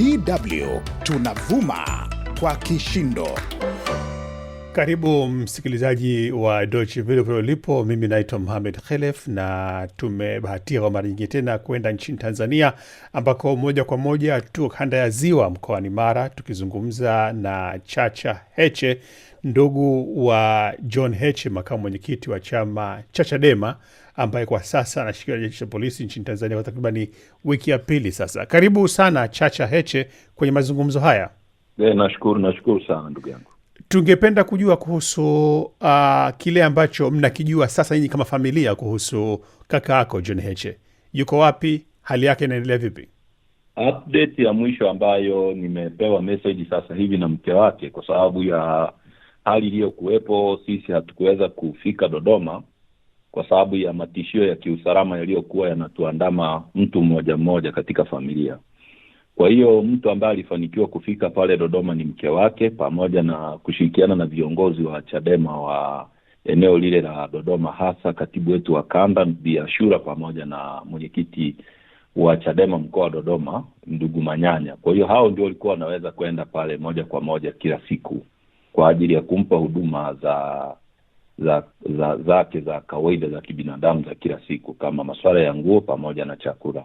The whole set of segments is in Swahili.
DW tunavuma kwa kishindo. Karibu msikilizaji wa Deutsche Welle ulipo. Mimi naitwa Mohamed Khelef na tumebahatika kwa mara nyingine tena kwenda nchini Tanzania, ambako moja kwa moja tuko kanda ya Ziwa mkoani Mara, tukizungumza na Chacha Heche, ndugu wa John Heche, makamu mwenyekiti wa chama cha Chadema ambaye kwa sasa anashikiliwa na jeshi la polisi nchini Tanzania kwa takriban wiki ya pili sasa. Karibu sana Chacha Heche kwenye mazungumzo haya. Eh, nashukuru nashukuru sana ndugu yangu. Tungependa kujua kuhusu uh, kile ambacho mnakijua sasa nyinyi kama familia kuhusu kaka yako John Heche, yuko wapi? Hali yake inaendelea vipi? Update ya mwisho ambayo nimepewa message sasa hivi na mke wake, kwa sababu ya hali iliyokuwepo, sisi hatukuweza kufika Dodoma kwa sababu ya matishio ya kiusalama yaliyokuwa yanatuandama mtu mmoja mmoja katika familia. Kwa hiyo mtu ambaye alifanikiwa kufika pale Dodoma ni mke wake, pamoja na kushirikiana na viongozi wa Chadema wa eneo lile la Dodoma, hasa katibu wetu wa kanda biashura pamoja na mwenyekiti wa Chadema mkoa wa Dodoma ndugu Manyanya. Kwa hiyo hao ndio walikuwa wanaweza kwenda pale moja kwa moja kila siku kwa ajili ya kumpa huduma za za, za zake za kawaida za kibinadamu za kila siku kama masuala ya nguo pamoja na chakula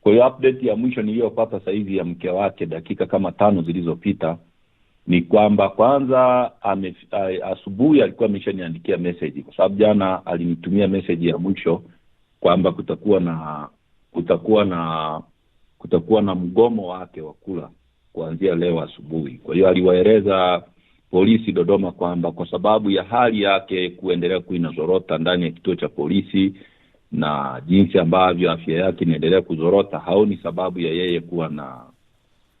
kwa hiyo update ya mwisho niliyopata sahizi ya mke wake dakika kama tano zilizopita ni kwamba kwanza ame, asubuhi alikuwa ameshaniandikia message kwa sababu jana alinitumia message ya mwisho kwamba kutakuwa na kutakuwa na kutakuwa na mgomo wake wa kula kuanzia leo asubuhi kwa hiyo aliwaeleza polisi Dodoma kwamba kwa sababu ya hali yake kuendelea kuinazorota ndani ya kituo cha polisi na jinsi ambavyo afya yake inaendelea kuzorota, haoni sababu ya yeye kuwa na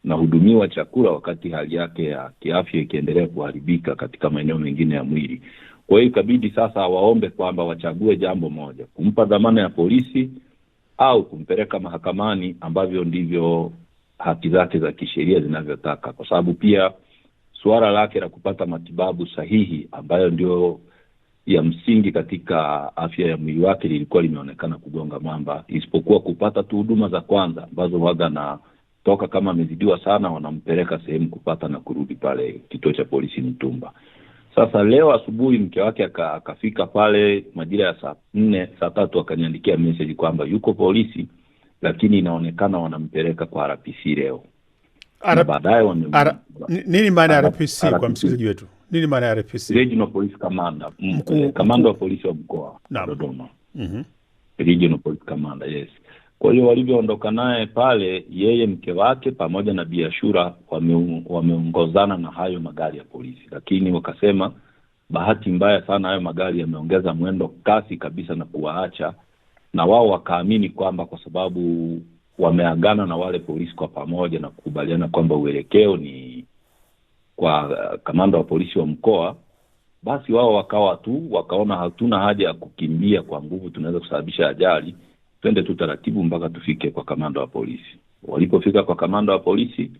nahudumiwa chakula wakati hali yake ya kiafya ikiendelea kuharibika katika maeneo mengine ya mwili. Kwa hiyo ikabidi sasa waombe kwamba wachague jambo moja, kumpa dhamana ya polisi au kumpeleka mahakamani, ambavyo ndivyo haki zake za kisheria zinavyotaka, kwa sababu pia suala lake la kupata matibabu sahihi ambayo ndio ya msingi katika afya ya mwili wake lilikuwa limeonekana kugonga mwamba, isipokuwa kupata tu huduma za kwanza ambazo waga na toka kama amezidiwa sana, wanampeleka sehemu kupata na kurudi pale kituo cha polisi Mtumba. Sasa leo asubuhi mke wake akafika pale majira ya saa nne saa tatu akaniandikia meseji kwamba yuko polisi, lakini inaonekana wanampeleka kwa RPC leo baadaye wame... nini maana ya RPC kwa msikilizaji wetu? Nini maana ya RPC? Regional Police Commander, mm, eh, mkuu kamanda wa polisi wa mkoa Dodoma. Mhm. Regional Police Commander, yes. Kwa hiyo walivyoondoka naye pale, yeye mke wake pamoja na biashura wameongozana na hayo magari ya polisi, lakini wakasema bahati mbaya sana hayo magari yameongeza mwendo kasi kabisa na kuwaacha, na wao wakaamini kwamba kwa sababu wameagana na wale polisi kwa pamoja na kukubaliana kwamba uelekeo ni kwa uh, kamanda wa polisi wa mkoa, basi wao wakawa tu wakaona hatuna haja ya kukimbia kwa nguvu, tunaweza kusababisha ajali, twende tu taratibu mpaka tufike kwa kamanda wa polisi. Walipofika kwa kamanda wa polisi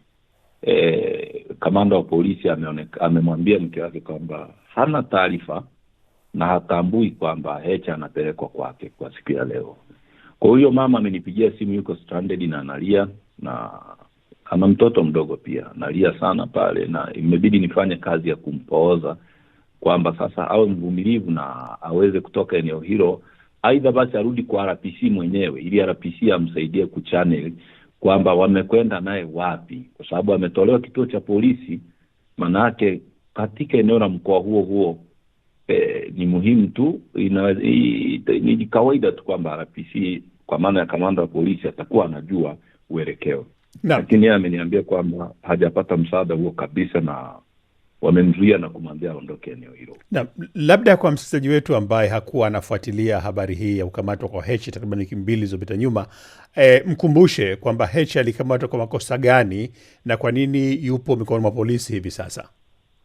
eh, kamanda wa polisi amemwambia mke wake kwamba hana taarifa na hatambui kwamba hecha anapelekwa kwake kwa siku ya leo, kwa huyo mama amenipigia simu, yuko stranded na analia na ana mtoto mdogo pia analia sana pale, na imebidi nifanye kazi ya kumpooza kwamba sasa awe mvumilivu na aweze kutoka eneo hilo, aidha basi arudi kwa RPC mwenyewe, ili RPC amsaidie kuchannel kwamba wamekwenda naye wapi, kwa sababu ametolewa kituo cha polisi. Manake katika eneo la mkoa huo huo eh, ni muhimu tu, ina, ni kawaida tu kwamba RPC kwa maana ya kamanda wa polisi atakuwa anajua uelekeo no. Lakini yeye ameniambia kwamba hajapata msaada huo kabisa na wamemzuia na kumwambia aondoke eneo hilo. Na labda kwa msikilizaji wetu ambaye hakuwa anafuatilia habari hii ya kukamatwa kwa hechi takriban wiki mbili ilizopita nyuma, e, mkumbushe kwamba hechi alikamatwa kwa makosa gani na kwa nini yupo mikononi mwa polisi hivi sasa?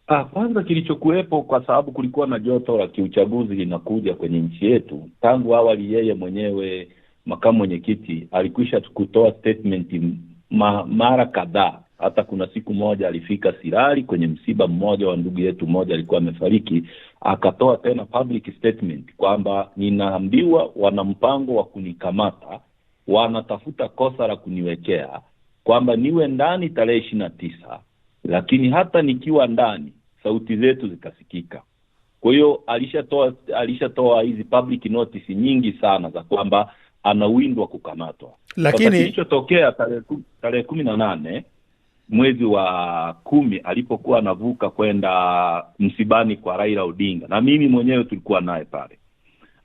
Ah, kwanza kilichokuwepo, kwa sababu kulikuwa na joto la kiuchaguzi linakuja kwenye nchi yetu tangu awali, yeye mwenyewe makamu mwenyekiti alikwisha kutoa statement ma, mara kadhaa. Hata kuna siku moja alifika Sirari kwenye msiba mmoja wa ndugu yetu mmoja alikuwa amefariki, akatoa tena public statement kwamba ninaambiwa wana mpango wa kunikamata, wanatafuta kosa la kuniwekea kwamba niwe ndani tarehe ishiri na tisa, lakini hata nikiwa ndani sauti zetu zikasikika. Kwa hiyo alishatoa alishatoa hizi public notice nyingi sana za kwamba anawindwa kukamatwa. Lakini kilichotokea tarehe kumi na nane mwezi wa kumi alipokuwa anavuka kwenda msibani kwa Raila Odinga, na mimi mwenyewe tulikuwa naye pale.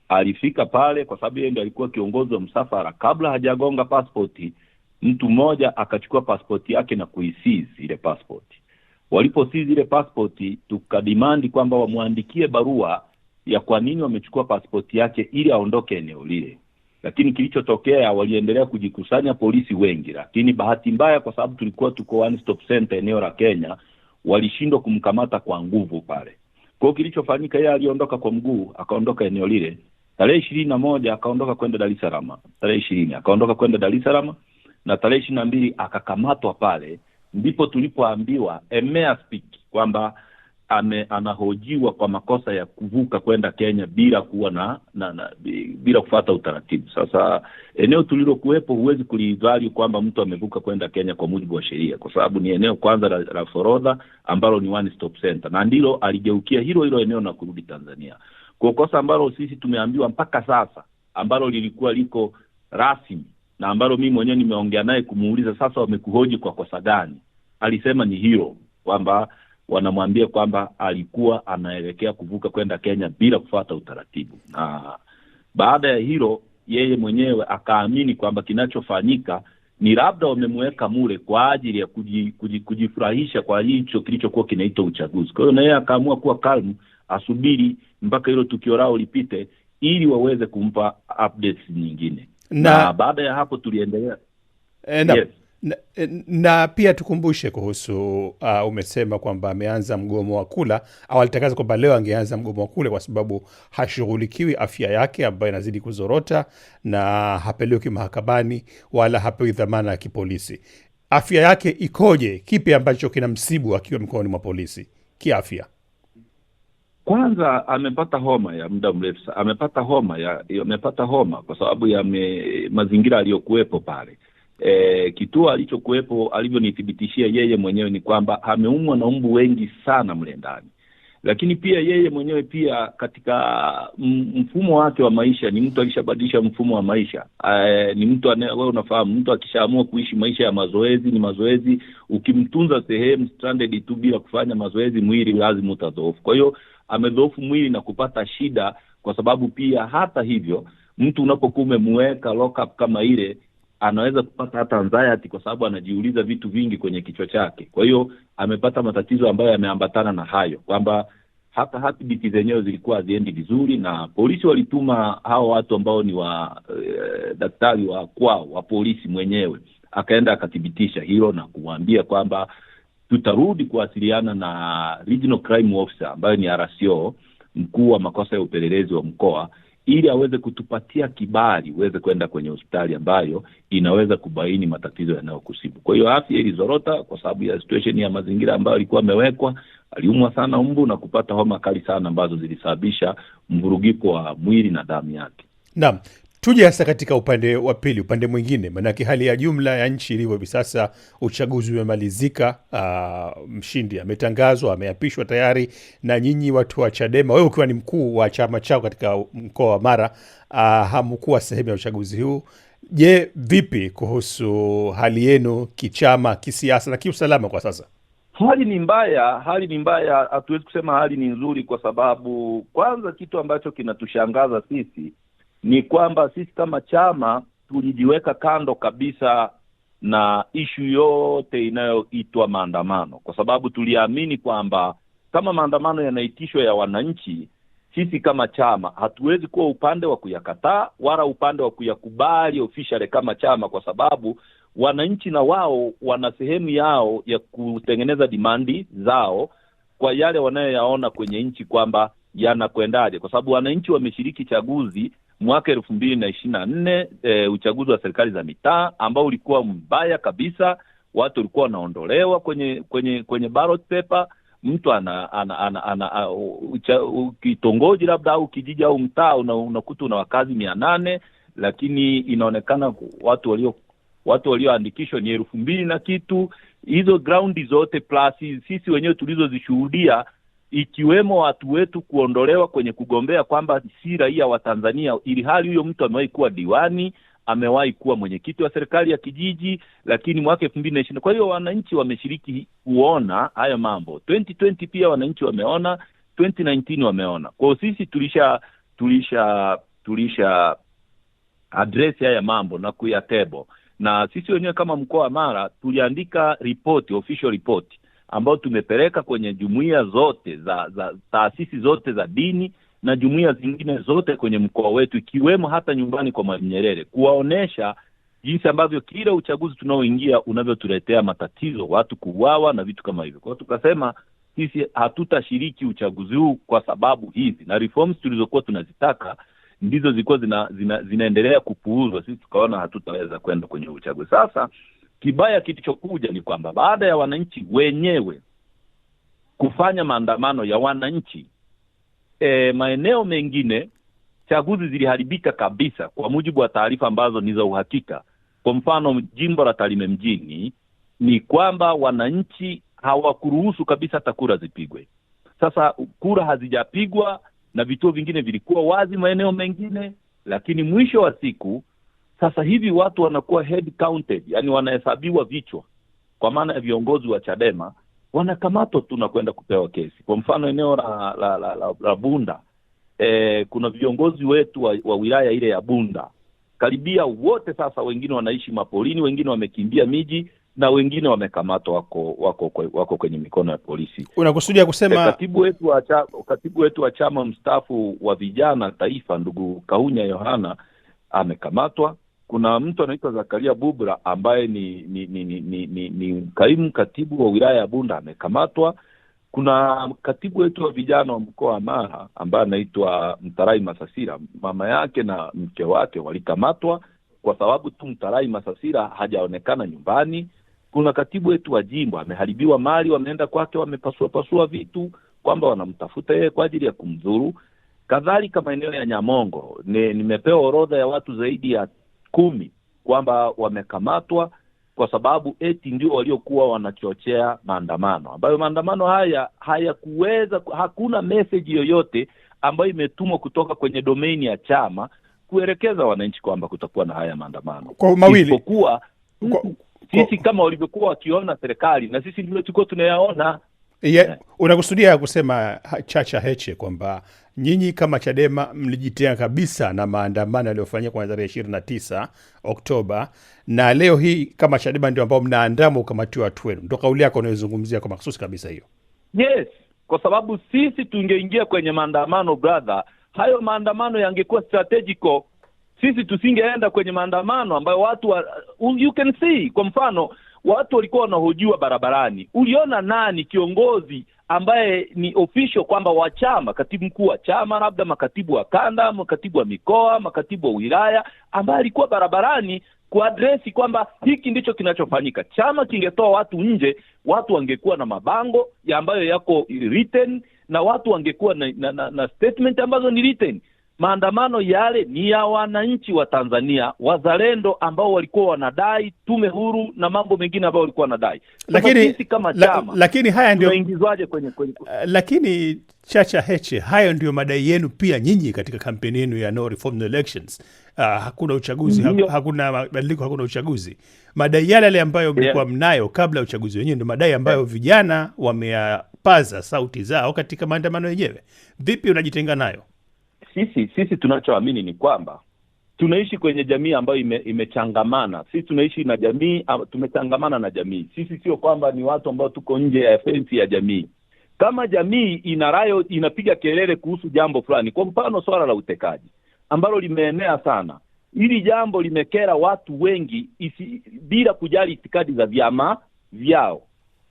Alifika pale kwa sababu yeye ndo alikuwa kiongozi wa msafara. Kabla hajagonga paspoti mtu mmoja akachukua paspoti yake na kuisizi ile paspoti Waliposizi ile paspoti tukadimandi kwamba wamwandikie barua ya kwa nini wamechukua paspoti yake ili aondoke eneo lile lakini kilichotokea waliendelea kujikusanya polisi wengi, lakini bahati mbaya, kwa sababu tulikuwa tuko one stop center eneo la Kenya, walishindwa kumkamata kwa nguvu pale. Kwa hiyo kilichofanyika, yeye aliondoka kwa mguu, akaondoka eneo lile tarehe ishirini na moja akaondoka kwenda Dar es Salaam, tarehe ishirini akaondoka kwenda Dar es Salaam na tarehe ishirini na mbili akakamatwa pale, ndipo tulipoambiwa EMEA speak kwamba ame, anahojiwa kwa makosa ya kuvuka kwenda Kenya bila kuwa na, na, na bila kufata utaratibu. Sasa eneo tulilokuwepo, huwezi kulivali kwamba mtu amevuka kwenda Kenya kwa mujibu wa sheria, kwa sababu ni eneo kwanza la, la forodha ambalo ni one stop center, na ndilo aligeukia hilo hilo eneo na kurudi Tanzania kwa kosa ambalo sisi tumeambiwa mpaka sasa ambalo lilikuwa liko rasmi na ambalo mimi mwenyewe nimeongea naye kumuuliza, sasa wamekuhoji kwa kosa gani? Alisema ni hilo kwamba wanamwambia kwamba alikuwa anaelekea kuvuka kwenda Kenya bila kufuata utaratibu, na baada ya hilo yeye mwenyewe akaamini kwamba kinachofanyika ni labda wamemweka mule kwa ajili ya kujifurahisha kwa hicho kilichokuwa kinaitwa uchaguzi. Kwa hiyo na yeye akaamua kuwa kalmu, asubiri mpaka hilo tukio lao lipite ili waweze kumpa updates nyingine. Na, na baada ya hapo tuliendelea. Eh, yes na, na pia tukumbushe kuhusu uh, umesema kwamba ameanza mgomo wa kula au alitangaza kwamba leo angeanza mgomo wa kula kwa sababu hashughulikiwi afya yake ambayo inazidi kuzorota na hapeleki mahakamani wala hapewi dhamana ya kipolisi. Afya yake ikoje? Kipi ambacho kina msibu akiwa mikononi mwa polisi kiafya? Kwanza amepata homa ya muda mrefu, amepata homa ya amepata homa kwa sababu ya me, mazingira aliyokuwepo pale e, kituo alichokuwepo alivyonithibitishia yeye mwenyewe ni kwamba ameumwa na mbu wengi sana mle ndani lakini pia yeye mwenyewe pia katika mfumo wake wa maisha ni mtu akishabadilisha mfumo wa maisha e, ni mtu wewe unafahamu mtu akishaamua kuishi maisha ya mazoezi ni mazoezi ukimtunza sehemu stranded tu bila kufanya mazoezi mwili lazima utadhoofu kwa hiyo amedhoofu mwili na kupata shida kwa sababu pia hata hivyo mtu unapokuwa umemuweka kama ile anaweza kupata hata anxiety kwa sababu anajiuliza vitu vingi kwenye kichwa chake. Kwa hiyo amepata matatizo ambayo yameambatana na hayo, kwamba hata habiti zenyewe zilikuwa haziendi vizuri, na polisi walituma hao watu ambao ni wa e, daktari wa kwao wa polisi mwenyewe, akaenda akathibitisha hilo na kumwambia kwamba tutarudi kuwasiliana na Regional Crime Officer ambayo ni RCO, mkuu wa makosa ya upelelezi wa mkoa ili aweze kutupatia kibali uweze kwenda kwenye hospitali ambayo inaweza kubaini matatizo yanayokusibu. Kwa hiyo afya ilizorota kwa sababu ya situation ya mazingira ambayo alikuwa amewekwa. Aliumwa sana mbu na kupata homa kali sana ambazo zilisababisha mvurugiko wa mwili na damu yake. Naam, Tuje hasa katika upande wa pili, upande mwingine, maanake hali ya jumla ya nchi ilivyo hivi sasa, uchaguzi umemalizika, ah, mshindi ametangazwa, ameapishwa tayari. Na nyinyi watu wa Chadema, wewe ukiwa ni mkuu wa chama chao katika mkoa wa Mara, ah, hamkuwa sehemu ya uchaguzi huu. Je, vipi kuhusu hali yenu kichama, kisiasa na kiusalama kwa sasa? Hali ni mbaya, hali ni mbaya, hatuwezi kusema hali ni nzuri, kwa sababu kwanza, kitu ambacho kinatushangaza sisi ni kwamba sisi kama chama tulijiweka kando kabisa na ishu yote inayoitwa maandamano, kwa sababu tuliamini kwamba kama maandamano yanaitishwa ya wananchi, sisi kama chama hatuwezi kuwa upande wa kuyakataa wala upande wa kuyakubali ofishale kama chama, kwa sababu wananchi na wao wana sehemu yao ya kutengeneza dimandi zao kwa yale wanayoyaona kwenye nchi kwamba yanakwendaje, kwa sababu wananchi wameshiriki chaguzi mwaka elfu mbili na ishirini na nne e, uchaguzi wa serikali za mitaa ambao ulikuwa mbaya kabisa. Watu walikuwa wanaondolewa kwenye kwenye kwenye ballot paper. Mtu ana, ana, ana, ana, ana kitongoji labda au kijiji au mtaa unakuta una wakazi mia nane lakini inaonekana watu walio watu walioandikishwa ni elfu mbili na kitu. Hizo graundi zote plus sisi wenyewe tulizozishuhudia ikiwemo watu wetu kuondolewa kwenye kugombea kwamba si raia wa Tanzania, ili hali huyo mtu amewahi kuwa diwani, amewahi kuwa mwenyekiti wa serikali ya kijiji, lakini mwaka elfu mbili na ishirini. Kwa hiyo wananchi wameshiriki kuona haya mambo. 2020 pia wananchi wameona, 2019 wameona. Kwa hiyo sisi tulisha tulisha tulisha address haya mambo na kuyatebo, na sisi wenyewe kama mkoa wa Mara tuliandika ripoti, official report ambao tumepeleka kwenye jumuiya zote za za taasisi zote za dini na jumuiya zingine zote kwenye mkoa wetu ikiwemo hata nyumbani kwa Mwalimu Nyerere kuwaonyesha jinsi ambavyo kila uchaguzi tunaoingia unavyotuletea matatizo, watu kuuawa na vitu kama hivyo. Kwa hiyo tukasema sisi hatutashiriki uchaguzi huu kwa sababu hizi, na reforms tulizokuwa tunazitaka ndizo zilikuwa zina, zina, zinaendelea kupuuzwa. Sisi tukaona hatutaweza kwenda kwenye uchaguzi sasa Kibaya kilichokuja ni kwamba baada ya wananchi wenyewe kufanya maandamano ya wananchi e, maeneo mengine chaguzi ziliharibika kabisa, kwa mujibu wa taarifa ambazo ni za uhakika. Kwa mfano jimbo la talime mjini ni kwamba wananchi hawakuruhusu kabisa hata kura zipigwe. Sasa kura hazijapigwa na vituo vingine vilikuwa wazi maeneo mengine, lakini mwisho wa siku sasa hivi watu wanakuwa head counted, yani wanahesabiwa vichwa, kwa maana ya viongozi wa Chadema wanakamatwa tu na kwenda kupewa kesi. Kwa mfano eneo la la, la, la, la Bunda e, kuna viongozi wetu wa, wa wilaya ile ya Bunda karibia wote sasa, wengine wanaishi mapolini, wengine wamekimbia miji na wengine wamekamatwa wako wako wako kwenye mikono ya polisi. Unakusudia kusema e, katibu wetu wa cha, katibu wetu wa chama mstaafu wa vijana taifa ndugu Kaunya Yohana amekamatwa kuna mtu anaitwa Zakaria Bubra ambaye ni ni ni, ni, ni, ni ni kaimu katibu wa wilaya ya Bunda amekamatwa. Kuna katibu wetu wa vijana wa mkoa wa Mara ambaye anaitwa Mtarai Masasira, mama yake na mke wake walikamatwa kwa sababu tu Mtarai Masasira hajaonekana nyumbani. Kuna katibu wetu wa jimbo ameharibiwa mali, wameenda kwake wamepasuapasua vitu kwamba wanamtafuta yeye kwa ajili ya kumdhuru. Kadhalika maeneo ya Nyamongo, nimepewa orodha ya watu zaidi ya kumi kwamba wamekamatwa kwa sababu eti ndio waliokuwa wanachochea maandamano, ambayo maandamano haya hayakuweza, hakuna meseji yoyote ambayo imetumwa kutoka kwenye domeni ya chama kuelekeza wananchi kwamba kutakuwa na haya maandamano kwa mawili, isipokuwa sisi kama walivyokuwa wakiona serikali, na sisi ndio tulikuwa tunayaona yeah. Unakusudia kusema Chacha Heche kwamba nyinyi kama Chadema mlijitenga kabisa na maandamano yaliyofanyika kwenye tarehe ishirini na tisa Oktoba na leo hii kama Chadema ndio ambao mnaandama ukamati watu wenu, ndo kauli yako unayozungumzia kwa makususi kabisa hiyo? Yes, kwa sababu sisi tungeingia kwenye maandamano brother, hayo maandamano yangekuwa strategical. Sisi tusingeenda kwenye maandamano ambayo watu wa, uh, you can see kwa mfano watu walikuwa wanahojiwa barabarani. Uliona nani kiongozi ambaye ni official kwamba wa chama, katibu mkuu wa chama, labda makatibu wa kanda, makatibu wa mikoa, makatibu wa wilaya, ambaye alikuwa barabarani kuadresi kwamba hiki ndicho kinachofanyika. Chama kingetoa watu nje, watu wangekuwa na mabango ya ambayo yako written na watu wangekuwa na, na, na, na statement ambazo ni written Maandamano yale ni ya wananchi wa Tanzania wazalendo ambao walikuwa wanadai tume huru na mambo mengine ambayo walikuwa wanadai. Lakini sisi kama chama lakini haya ndio tunaingizwaje kwenye, kwenye, uh, lakini Chacha Heche, hayo ndio madai yenu pia nyinyi katika kampeni yenu ya no reform no elections. Uh, hakuna uchaguzi ha, hakuna mabadiliko, hakuna uchaguzi. Madai yale yale ambayo mlikuwa yeah, mnayo kabla ya uchaguzi wenyewe ndio madai ambayo yeah, vijana wameyapaza sauti zao katika maandamano yenyewe. Vipi unajitenga nayo? sisi sisi tunachoamini ni kwamba tunaishi kwenye jamii ambayo ime, imechangamana. Sisi tunaishi na jamii, tumechangamana na jamii. Sisi sio kwamba ni watu ambao tuko nje ya fensi ya jamii. Kama jamii inarayo inapiga kelele kuhusu jambo fulani, kwa mfano swala la utekaji ambalo limeenea sana, hili jambo limekera watu wengi isi, bila kujali itikadi za vyama vyao.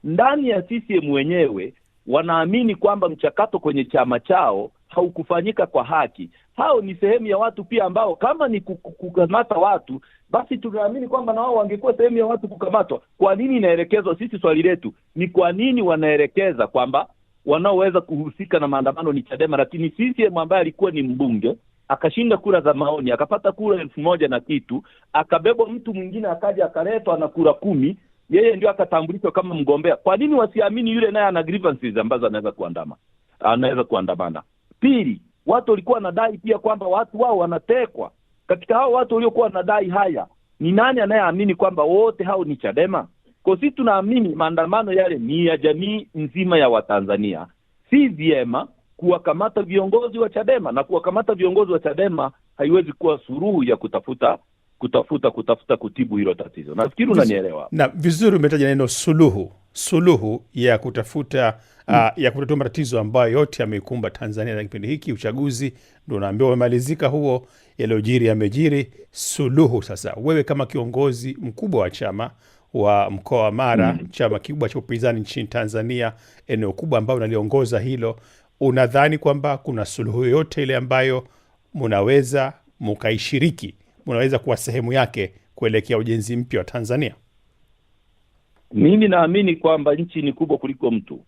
Ndani ya CCM wenyewe wanaamini kwamba mchakato kwenye chama chao haukufanyika kwa haki. Hao ni sehemu ya watu pia ambao kama ni kukamata watu, basi tunaamini kwamba na wao wangekuwa sehemu ya watu kukamatwa. Kwa nini inaelekezwa? Sisi swali letu ni kwa nini wanaelekeza kwamba wanaoweza kuhusika na maandamano ni Chadema, lakini CCM ambaye alikuwa ni mbunge akashinda kura za maoni akapata kura elfu moja na kitu, akabebwa mtu mwingine akaja akaletwa na kura kumi, yeye ndio akatambulishwa kama mgombea. Kwa nini wasiamini yule naye ana grievances ambazo anaweza kuandama anaweza kuandamana? Pili, watu walikuwa wanadai pia kwamba watu wao wanatekwa. Katika hao watu waliokuwa wanadai haya, ni nani anayeamini kwamba wote hao ni Chadema? Kwa si tunaamini maandamano yale ni ya jamii nzima ya Watanzania. Si vyema kuwakamata viongozi wa Chadema, na kuwakamata viongozi wa Chadema haiwezi kuwa suruhu ya kutafuta kutafuta kutafuta kutibu hilo tatizo. Nafikiri unanielewa na vizuri. Umetaja neno suluhu suluhu ya kutafuta uh, ya kutatua matatizo ambayo yote yameikumba Tanzania na kipindi hiki. Uchaguzi ndio unaambiwa umemalizika huo, yaliyojiri yamejiri. Suluhu sasa, wewe kama kiongozi mkubwa wa chama wa mkoa wa Mara mm, chama kikubwa cha upinzani nchini Tanzania, eneo kubwa ambayo unaliongoza hilo, unadhani kwamba kuna suluhu yoyote ile ambayo munaweza mukaishiriki, munaweza kuwa sehemu yake kuelekea ujenzi mpya wa Tanzania? Mimi naamini kwamba nchi ni kubwa kuliko mtu,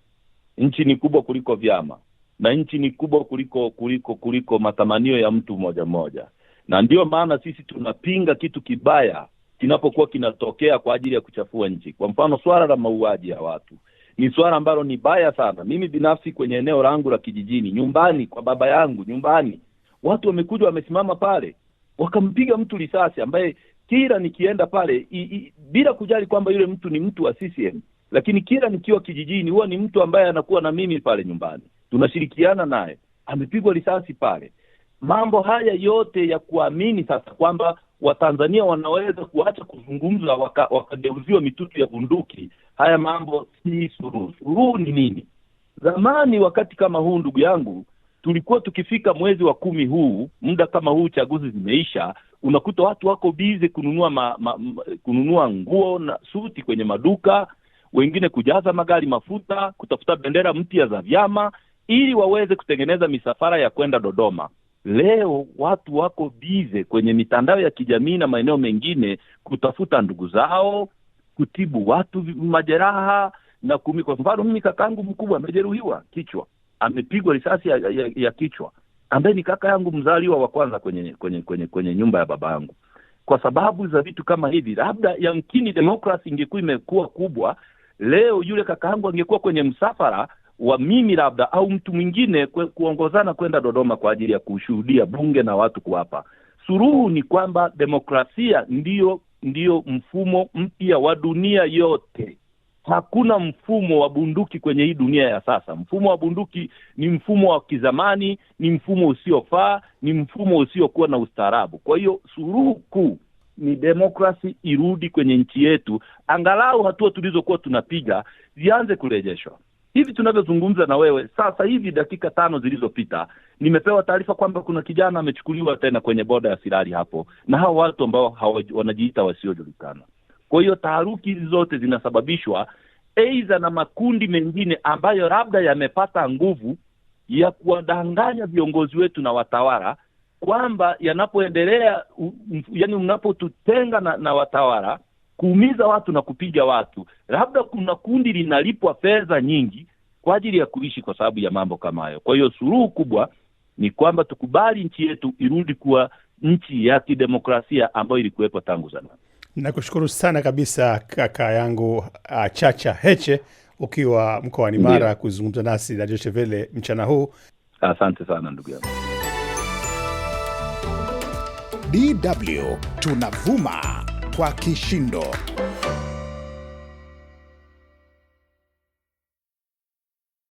nchi ni kubwa kuliko vyama, na nchi ni kubwa kuliko kuliko kuliko matamanio ya mtu mmoja mmoja, na ndiyo maana sisi tunapinga kitu kibaya kinapokuwa kinatokea kwa ajili ya kuchafua nchi. Kwa mfano, swala la mauaji ya watu ni swala ambalo ni baya sana. Mimi binafsi kwenye eneo langu la kijijini, nyumbani kwa baba yangu, nyumbani watu wamekuja wamesimama pale wakampiga mtu risasi ambaye kila nikienda pale i, i, bila kujali kwamba yule mtu ni mtu wa CCM, lakini kila nikiwa kijijini huwa ni mtu ambaye anakuwa na mimi pale nyumbani, tunashirikiana naye. Amepigwa risasi pale. Mambo haya yote ya kuamini sasa kwamba Watanzania wanaweza kuacha kuzungumza wakageuziwa waka mitutu ya bunduki, haya mambo si suruhu. Suruhu ni nini? Zamani wakati kama huu, ndugu yangu, tulikuwa tukifika mwezi wa kumi huu, muda kama huu, chaguzi zimeisha, unakuta watu wako bize kununua ma, ma, kununua nguo na suti kwenye maduka, wengine kujaza magari mafuta, kutafuta bendera mpya za vyama ili waweze kutengeneza misafara ya kwenda Dodoma. Leo watu wako bize kwenye mitandao ya kijamii na maeneo mengine kutafuta ndugu zao, kutibu watu majeraha na kumi. Kwa mfano, mimi kakangu mkubwa amejeruhiwa kichwa, amepigwa risasi ya, ya, ya kichwa ambaye ni kaka yangu mzaliwa wa kwanza kwenye kwenye kwenye kwenye nyumba ya baba yangu kwa sababu za vitu kama hivi labda yamkini demokrasi ingekuwa imekuwa kubwa leo yule kaka yangu angekuwa kwenye msafara wa mimi labda au mtu mwingine kuongozana kwenda dodoma kwa ajili ya kushuhudia bunge na watu kuwapa suruhu ni kwamba demokrasia ndio ndiyo mfumo mpya wa dunia yote hakuna mfumo wa bunduki kwenye hii dunia ya sasa. Mfumo wa bunduki ni mfumo wa kizamani, ni mfumo usiofaa, ni mfumo usiokuwa na ustaarabu. Kwa hiyo suluhu kuu ni demokrasi irudi kwenye nchi yetu, angalau hatua tulizokuwa tunapiga zianze kurejeshwa. Hivi tunavyozungumza na wewe sasa hivi, dakika tano zilizopita, nimepewa taarifa kwamba kuna kijana amechukuliwa tena kwenye boda ya Sirari hapo na hao watu ambao wanajiita wasiojulikana. Kwa hiyo taharuki hizi zote zinasababishwa eidha na makundi mengine ambayo labda yamepata nguvu ya kuwadanganya viongozi wetu na watawala kwamba yanapoendelea yani, unapotutenga na, na watawala kuumiza watu na kupiga watu, labda kuna kundi linalipwa fedha nyingi kwa ajili ya kuishi kwa sababu ya mambo kama hayo. Kwa hiyo suruhu kubwa ni kwamba tukubali nchi yetu irudi kuwa nchi ya kidemokrasia ambayo ilikuwepo tangu zamani. Nakushukuru sana kabisa kaka yangu uh, Chacha Heche ukiwa mkoani Mara kuzungumza nasi na Deutsche mchana huu. Asante sana ndugu yangu. DW tunavuma kwa kishindo.